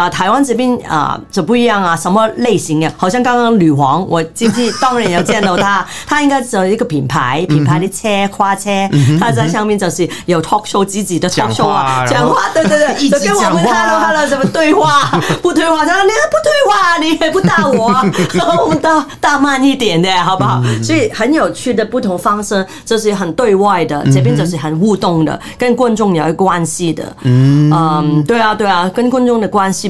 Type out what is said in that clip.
啊，台灣這邊啊就不一樣啊，什麼類型嘅？好像剛剛女皇，我今天當然有見到她，她應該只有一個品牌，品牌的車、花車，她在上面就是有 talk show，自己的 talk show 啊，講話，對對對，一直跟我們 hello hello，怎麼對話？不對話，她說你又不對話，你也不答我，然後我們答大慢一點的，好不好？所以很有趣的不同方式，就是很對外的，這邊就是很互動的，跟觀眾有關係的。嗯，對啊，對啊，跟觀眾的關係。